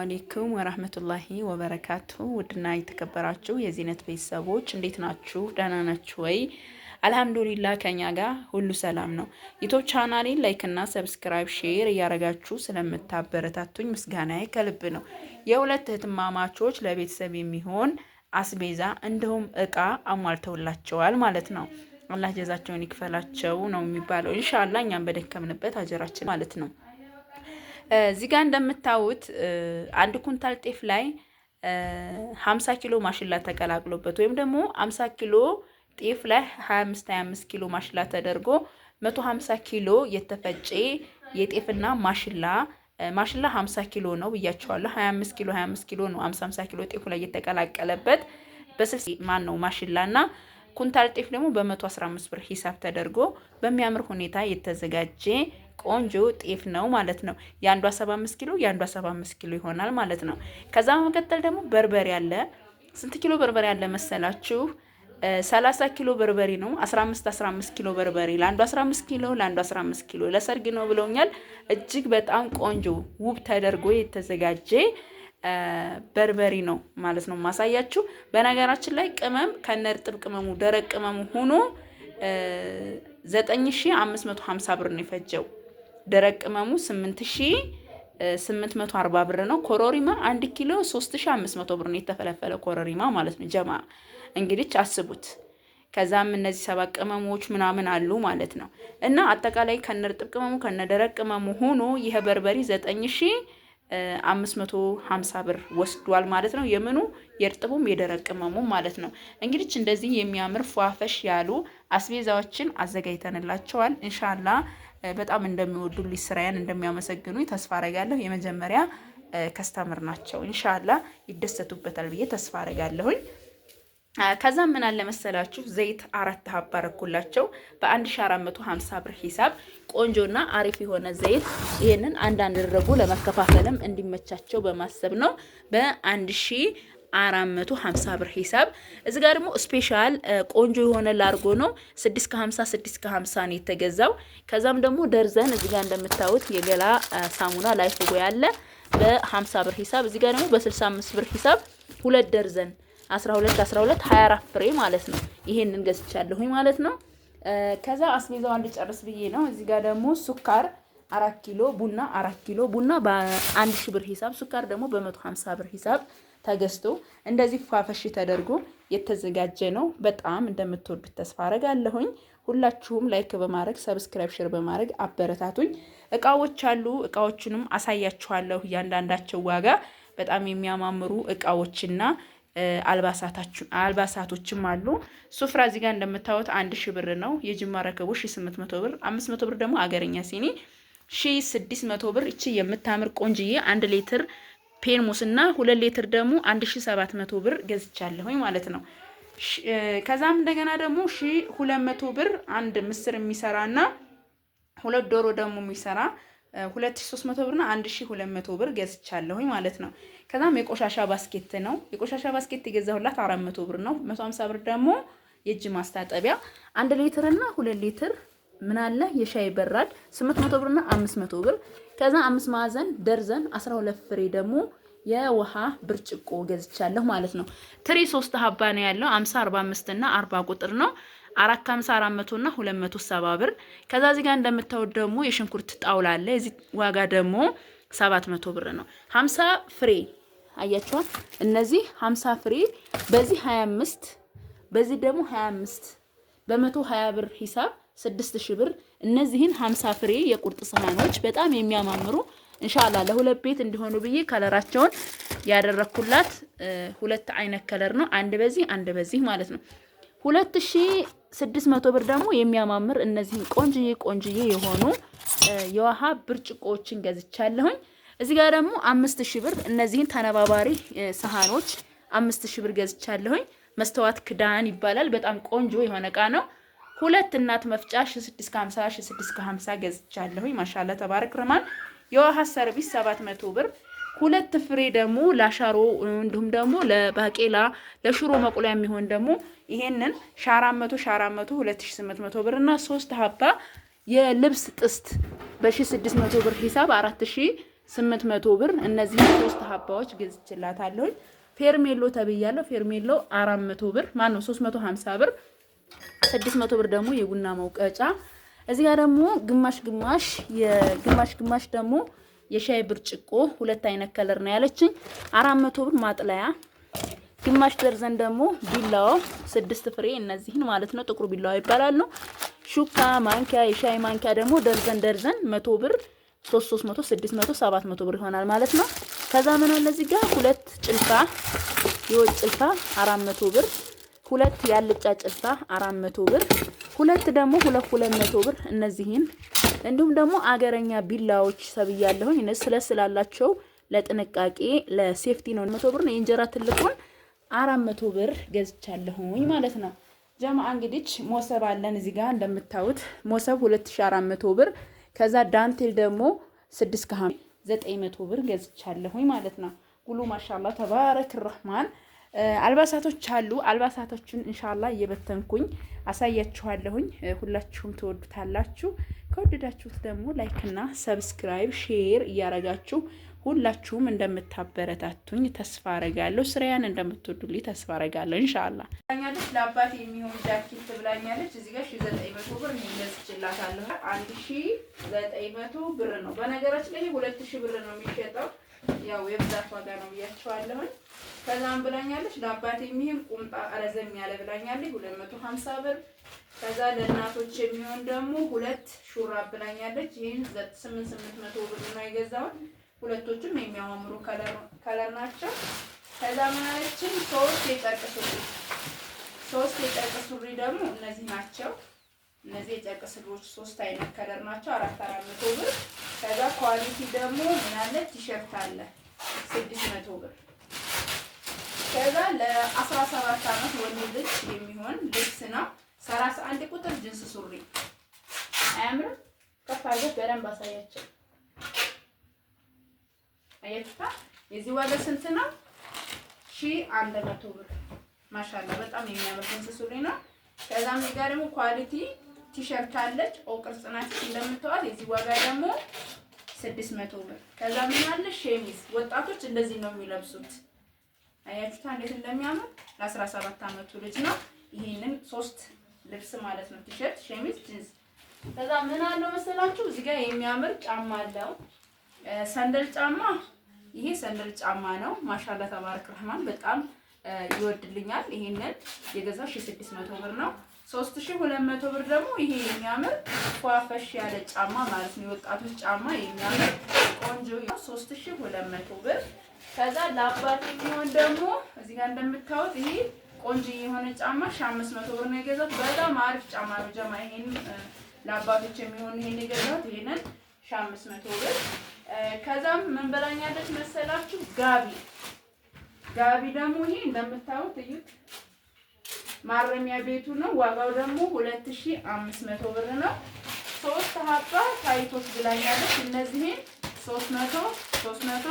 አሌይኩም ወራህመቱላሂ ወበረካቱ ውድና የተከበራችሁ የዚህነት ቤተሰቦች እንዴት ናችሁ? ደህና ናችሁ ወይ? አልሐምዱሊላ ከኛ ጋር ሁሉ ሰላም ነው። ዩቱብ ቻናሌን ላይክና ሰብስክራይብ ሼር እያረጋችሁ ስለምታበረታቱኝ ምስጋናዬ ከልብ ነው። የሁለት እህትማማቾች ለቤተሰብ የሚሆን አስቤዛ እንዲሁም እቃ አሟልተውላቸዋል ማለት ነው። አላህ ጀዛቸውን ይክፈላቸው ነው የሚባለው። እንሻላ እኛም በደከምንበት አጀራችን ማለት ነው። እዚህ ጋር እንደምታዩት አንድ ኩንታል ጤፍ ላይ 50 ኪሎ ማሽላ ተቀላቅሎበት ወይም ደግሞ 50 ኪሎ ጤፍ ላይ 25 ኪሎ ማሽላ ተደርጎ 150 ኪሎ የተፈጨ የጤፍና ማሽላ ማሽላ 50 ኪሎ ነው ብያቸዋለሁ። 25 ኪሎ 25 ኪሎ ነው 50 ኪሎ ጤፉ ላይ የተቀላቀለበት በስልስ ማን ነው እና ኩንታል ጤፍ ደግሞ በ115 ብር ሂሳብ ተደርጎ በሚያምር ሁኔታ የተዘጋጀ ቆንጆ ጤፍ ነው ማለት ነው። የአንዷ 75 ኪሎ የአንዷ 75 ኪሎ ይሆናል ማለት ነው። ከዛ በመቀጠል ደግሞ በርበሬ አለ። ስንት ኪሎ በርበሬ አለ መሰላችሁ? 30 ኪሎ በርበሬ ነው። 15 15 ኪሎ በርበሬ ለአንዱ 15 ኪሎ ለአንዱ 15 ኪሎ ለሰርግ ነው ብለውኛል። እጅግ በጣም ቆንጆ ውብ ተደርጎ የተዘጋጀ በርበሬ ነው ማለት ነው ማሳያችሁ። በነገራችን ላይ ቅመም ከነርጥብ ቅመሙ ደረቅ ቅመሙ ሆኖ 9550 ብር ነው የፈጀው። ደረቅ ቅመሙ 8840 ብር ነው። ኮሮሪማ 1 ኪሎ 3500 ብር ነው የተፈለፈለ ኮሮሪማ ማለት ነው። ጀማ እንግዲህ አስቡት። ከዛም እነዚህ ሰባት ቅመሞች ምናምን አሉ ማለት ነው እና አጠቃላይ ከነ እርጥብ ቅመሙ ከነ ደረቅ ቅመሙ ሆኖ ይሄ በርበሪ 9550 ብር ወስዷል ማለት ነው። የምኑ የእርጥቡም የደረቅ ቅመሙ ማለት ነው። እንግዲህ እንደዚህ የሚያምር ፏፈሽ ያሉ አስቤዛዎችን አዘጋጅተንላቸዋል። እንሻላ። በጣም እንደሚወዱልኝ ስራዬን እንደሚያመሰግኑ ተስፋ አረጋለሁ። የመጀመሪያ ከስተምር ናቸው። እንሻላ ይደሰቱበታል ብዬ ተስፋ አረጋለሁኝ። ከዛ ምን አለ መሰላችሁ ዘይት አራት ሀባረኩላቸው በ1450 ብር ሂሳብ ቆንጆና አሪፍ የሆነ ዘይት ይህንን አንድ አንድ ድረጉ ለመከፋፈልም እንዲመቻቸው በማሰብ ነው። በ1000 450 ብር ሂሳብ። እዚ ጋር ደግሞ ስፔሻል ቆንጆ የሆነ ላርጎ ነው 6 ከ50 6 ከ50 ነው የተገዛው። ከዛም ደግሞ ደርዘን እዚ ጋር እንደምታዩት የገላ ሳሙና ላይፍ ቦይ አለ በ50 ብር ሂሳብ። እዚ ጋር ደግሞ በ65 ብር ሂሳብ ሁለት ደርዘን 12 12 24 ፍሬ ማለት ነው። ይሄንን ገዝቻለሁኝ ማለት ነው። ከዛ አስቤዛው አንድ ጨርስ ብዬ ነው። እዚ ጋር ደግሞ ሱካር አራት ኪሎ ቡና አራት ኪሎ ቡና በአንድ ሺ ብር ሂሳብ ሱካር ደግሞ በመቶ ሀምሳ ብር ሂሳብ ተገዝቶ እንደዚህ ፏፈሽ ተደርጎ የተዘጋጀ ነው። በጣም እንደምትወዱት ተስፋ አረጋለሁኝ። ሁላችሁም ላይክ በማድረግ ሰብስክራይብ፣ ሼር በማድረግ አበረታቱኝ። እቃዎች አሉ። እቃዎቹንም አሳያችኋለሁ። እያንዳንዳቸው ዋጋ በጣም የሚያማምሩ እቃዎችና አልባሳቶችም አሉ። ሱፍራ እዚህ ጋር እንደምታዩት አንድ ሺ ብር ነው። የጅማ ረከቦ ሺ ስምንት መቶ ብር፣ አምስት መቶ ብር ደግሞ አገረኛ ሲኒ ሺ ስድስት መቶ ብር። እቺ የምታምር ቆንጅዬ አንድ ሌትር ፔንሙስ እና ሁለት ሌትር ደግሞ 1700 ብር ገዝቻለሁኝ ማለት ነው። ከዛም እንደገና ደግሞ 1200 ብር አንድ ምስር የሚሰራ እና ሁለት ዶሮ ደግሞ የሚሰራ 2300 ብር እና 1200 ብር ገዝቻለሁኝ ማለት ነው። ከዛም የቆሻሻ ባስኬት ነው። የቆሻሻ ባስኬት የገዛሁላት 400 ብር ነው። 150 ብር ደግሞ የእጅ ማስታጠቢያ አንድ ሌትር እና ሁለት ሌትር ምን አለ የሻይ በራድ 800 ብርና 500 ብር። ከዛ አምስት ማዕዘን ደርዘን 12 ፍሬ ደግሞ የውሃ ብርጭቆ ገዝቻለሁ ማለት ነው። ትሪ 3 ሀባ ነው ያለው 50 45 እና 40 ቁጥር ነው። 450 400 እና 270 ብር። ከዛ እዚህ ጋር እንደምታዩት ደግሞ የሽንኩርት ጣውላ አለ። እዚህ ዋጋ ደግሞ 700 ብር ነው። 50 ፍሬ አያችኋል። እነዚህ 50 ፍሬ በዚህ 25 በዚህ ደግሞ 25 በመቶ 20 ብር ሂሳብ ስድስት ሺህ ብር። እነዚህን ሀምሳ ፍሬ የቁርጥ ሰሃኖች በጣም የሚያማምሩ እንሻላ ለሁለት ቤት እንዲሆኑ ብዬ ከለራቸውን ያደረኩላት ሁለት አይነት ከለር ነው። አንድ በዚህ አንድ በዚህ ማለት ነው። ሁለት ሺ ስድስት መቶ ብር ደግሞ የሚያማምር እነዚህን ቆንጅዬ ቆንጅዬ የሆኑ የውሃ ብርጭቆዎችን ገዝቻለሁኝ። እዚህ ጋር ደግሞ አምስት ሺህ ብር እነዚህን ተነባባሪ ሰሃኖች አምስት ሺህ ብር ገዝቻለሁኝ። መስተዋት ክዳን ይባላል። በጣም ቆንጆ የሆነ እቃ ነው። ሁለት እናት መፍጫ 650 650 ገዝቻለሁኝ። ማሻላ ተባረክ ረማን የውሃ ሰርቪስ 700 ብር ሁለት ፍሬ ደግሞ ለሻሮ እንዲሁም ደግሞ ለባቄላ ለሽሮ መቁለያ የሚሆን ደግሞ ይሄንን ሻራመቶ ሻራመቶ 2800 ብር እና ሶስት ሀባ የልብስ ጥስት በ1600 ብር ሂሳብ 4800 ብር እነዚህ ሶስት ሀባዎች ገዝችላታለሁኝ። ፌርሜሎ ተብያለሁ። ፌርሜሎ 400 ብር ማነው 350 ብር ስድስት መቶ ብር ደግሞ የቡና መውቀጫ እዚህ ጋር ደግሞ ግማሽ ግማሽ የግማሽ ግማሽ ደግሞ የሻይ ብርጭቆ ሁለት አይነት ከለር ነው ያለችኝ። አራት መቶ ብር ማጥለያ ግማሽ ደርዘን ደግሞ ቢላዋ ስድስት ፍሬ እነዚህን ማለት ነው ጥቁር ቢላዋ ይባላሉ። ሹካ ማንኪያ፣ የሻይ ማንኪያ ደግሞ ደርዘን ደርዘን መቶ ብር ሶስት ሶስት መቶ ስድስት መቶ ሰባት መቶ ብር ይሆናል ማለት ነው። ከዛ ምን አለ እዚህ ጋር ሁለት ጭልፋ የወጥ ጭልፋ አራት መቶ ብር ሁለት ያልጫ ጭልፋ 400 ብር፣ ሁለት ደግሞ ሁለት ብር። እነዚህን እንዲሁም ደግሞ አገረኛ ቢላዎች ሰብያለሁኝ። እነዚህ ለጥንቃቄ ለሴፍቲ ነው። መቶ ብር ነው የእንጀራ ትልቁን አራት መቶ ብር ገዝቻለሁኝ ማለት ነው። ጀማ እንግዲህ ሞሰብ አለን እዚህ ጋር እንደምታዩት ሞሰብ 2400 ብር፣ ከዛ ዳንቴል ደግሞ 6 ብር ገዝቻለሁኝ ማለት ነው። ጉሉ ማሻላ ተባረክ ረህማን አልባሳቶች አሉ። አልባሳቶችን እንሻላ እየበተንኩኝ አሳያችኋለሁኝ። ሁላችሁም ትወዱታላችሁ። ከወደዳችሁት ደግሞ ላይክና ሰብስክራይብ ሼር እያረጋችሁ ሁላችሁም እንደምታበረታቱኝ ተስፋ አረጋለሁ። ስራያን እንደምትወዱልኝ ተስፋ አረጋለሁ። እንሻላ ኛለች ለአባት የሚሆን ጃኬት ትብላኛለች። እዚህ ጋር ሺ ዘጠኝ መቶ ብር ይገዝችላታለሁ። አንድ ሺ ዘጠኝ መቶ ብር ነው። በነገራችን ላይ ሁለት ሺ ብር ነው የሚሸጠው ያው የብዛት ዋጋ ነው ብያቸዋለሁኝ። ከዛም ብላኛለች ለአባት የሚሆን ቁምጣ ረዘም ያለ ብላኛለች ሁለት መቶ ሀምሳ ብር። ከዛ ለእናቶች የሚሆን ደግሞ ሁለት ሹራብ ብላኛለች። ይህን ስምንት ስምንት መቶ ብር ነው የገዛሁት። ሁለቶቹም የሚያማምሩ ከለር ናቸው። ከዛ ምናለችን ሶስት የጨርቅ ሱሪ ሶስት የጨርቅ ሱሪ ደግሞ እነዚህ ናቸው። እነዚህ የጨርቅ ስሎች ሶስት አይነት ከለር ናቸው። አራት አራት መቶ ብር። ከዛ ኳሊቲ ደግሞ ምን ቲሸርት አለ ስድስት መቶ ብር። ከዛ ለአስራ ሰባት አመት ወንድ ልጅ የሚሆን ልብስ ነው። ሰላሳ አንድ ቁጥር ጅንስ ሱሪ አያምርም? ከፍ አድርገህ በደንብ አሳያቸው። አየትታ የዚህ ዋጋ ስንት ነው? ሺ አንድ መቶ ብር። ማሻላ በጣም የሚያምር ጅንስ ሱሪ ነው። ከዛም ጋር ደግሞ ኳሊቲ ቲሸርት አለች ኦ ቅርጽ ናት እንደምትዋል የዚህ ዋጋ ደግሞ 600 ብር። ከዛ ምን አለ ሸሚዝ ወጣቶች እንደዚህ ነው የሚለብሱት። አያችሁት እንዴት እንደሚያምር ለ17 ዓመቱ ልጅ ነው። ይሄንን ሶስት ልብስ ማለት ነው ቲሸርት፣ ሸሚዝ፣ ጂንስ። ከዛ ምን አለው መሰላችሁ እዚህ ጋር የሚያምር ጫማ አለው ሰንደል ጫማ። ይሄ ሰንደል ጫማ ነው። ማሻላ ተባረክ ረህማን በጣም ይወድልኛል። ይሄንን የገዛው 600 ብር ነው። ሶስት ሺህ ሁለት መቶ ብር ደግሞ ይሄ የሚያምር ፏፈሽ ያለ ጫማ ማለት ነው። የወጣቶች ጫማ የሚያምር ቆንጆ ሶስት ሺህ ሁለት መቶ ብር። ከዛ ለአባት የሚሆን ደግሞ እዚህ ጋር እንደምታዩት ይሄ ቆንጆ የሆነ ጫማ ሺህ አምስት መቶ ብር ነው የገዛሁት። በጣም አሪፍ ጫማ ነው። ጀማ ይሄን ለአባቶች የሚሆን ይሄን የገዛሁት ይሄንን ሺህ አምስት መቶ ብር። ከዛም ምን በላኛለች መሰላችሁ? ጋቢ ጋቢ ደግሞ ይሄ እንደምታዩት እዩት ማረሚያ ቤቱ ነው። ዋጋው ደግሞ ሁለት ሺህ አምስት መቶ ብር ነው። ሶስት ሀባ ታይቶስ ብላኛለች። እነዚህን ሶስት መቶ ሶስት መቶ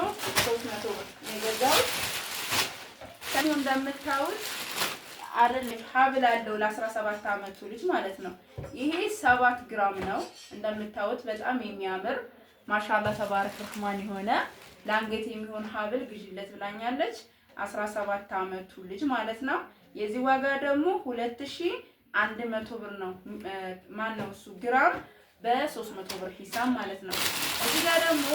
ሶስት መቶ ብር የገዛሁት እንደምታዩት አይደለች ሀብል አለው ለአስራ ሰባት አመቱ ልጅ ማለት ነው። ይሄ ሰባት ግራም ነው እንደምታዩት በጣም የሚያምር ማሻላ ተባረክ ረህማን የሆነ ለአንገት የሚሆን ሀብል ግዥለት ብላኛለች። አስራ ሰባት አመቱ ልጅ ማለት ነው። የዚህ ዋጋ ደግሞ 2100 ብር ነው። ማን ነው እሱ ግራም በ300 ብር ሂሳብ ማለት ነው። እዚህ ጋር ደግሞ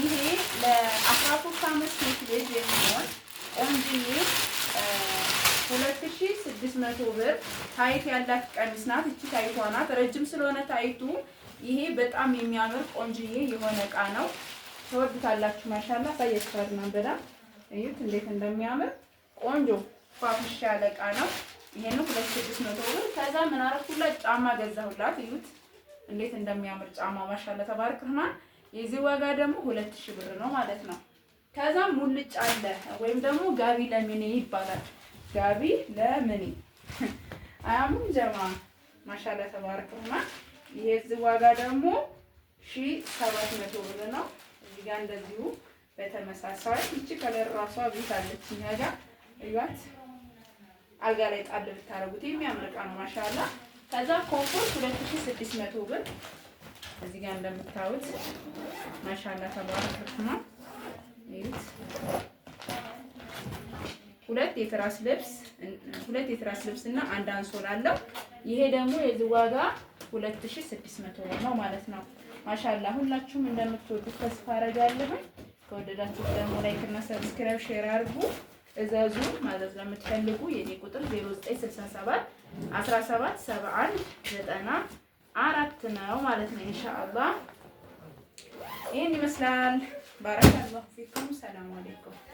ይሄ ለ13 ዓመት ሴት ልጅ የሚሆን ቆንጅዬ 2600 ብር ታይት ያላት ቀሚስ ናት። እቺ ታይቷ ናት። ረጅም ስለሆነ ታይቱ ይሄ በጣም የሚያምር ቆንጅዬ የሆነ እቃ ነው። ተወዱታላችሁ። ማሻላ ታየስፈርና በጣም እዩት እንዴት እንደሚያምር ቆንጆ ፋፍሽ ያለቃ ነው። ይሄን ሁለት ስድስት መቶ ብር። ከዛ ምን አረኩላት? ጫማ ገዛሁላት። እዩት እንዴት እንደሚያምር ጫማ ማሻላ ተባረክ ረህማን። የዚህ ዋጋ ደግሞ ሁለት ሺህ ብር ነው ማለት ነው። ከዛ ሙልጭ አለ ወይም ደግሞ ጋቢ ለምን ይባላል። ጋቢ ለምን አያምም ጀማ ማሻላ ተባረክ ረህማን። እዚህ ዋጋ ደግሞ ሺህ ሰባት መቶ ብር ነው። እዚህ ጋር እንደዚሁ በተመሳሳይ እቺ ከለር ራሷ ቤት አለች እኛ ጋር እዩት አልጋ ላይ ጣል ብታደርጉት የሚያምር ነው። ማሻላ ከዛ ኮንፎርት ሁለት ሺ ስድስት መቶ ብር እዚህ ጋር እንደምታዩት ማሻላ ተባረክ ነው። ሁለት የትራስ ልብስ ሁለት የትራስ ልብስ እና አንድ አንሶላ አለው። ይሄ ደግሞ የዚህ ዋጋ 2600 ብር ነው ማለት ነው። ማሻላ ሁላችሁም እንደምትወዱት ተስፋ አደርጋለሁ። ከወደዳችሁ ደግሞ ላይክ እና ሰብስክራይብ ሼር አድርጉ። እዘዙ ማለት ነው። የምትፈልጉ የኔ ቁጥር 0967 17 71 ዘጠና አራት ነው ማለት ነው። ኢንሻአላህ ይህን ይመስላል። ባረከላሁ ፊኩም። ሰላም አለይኩም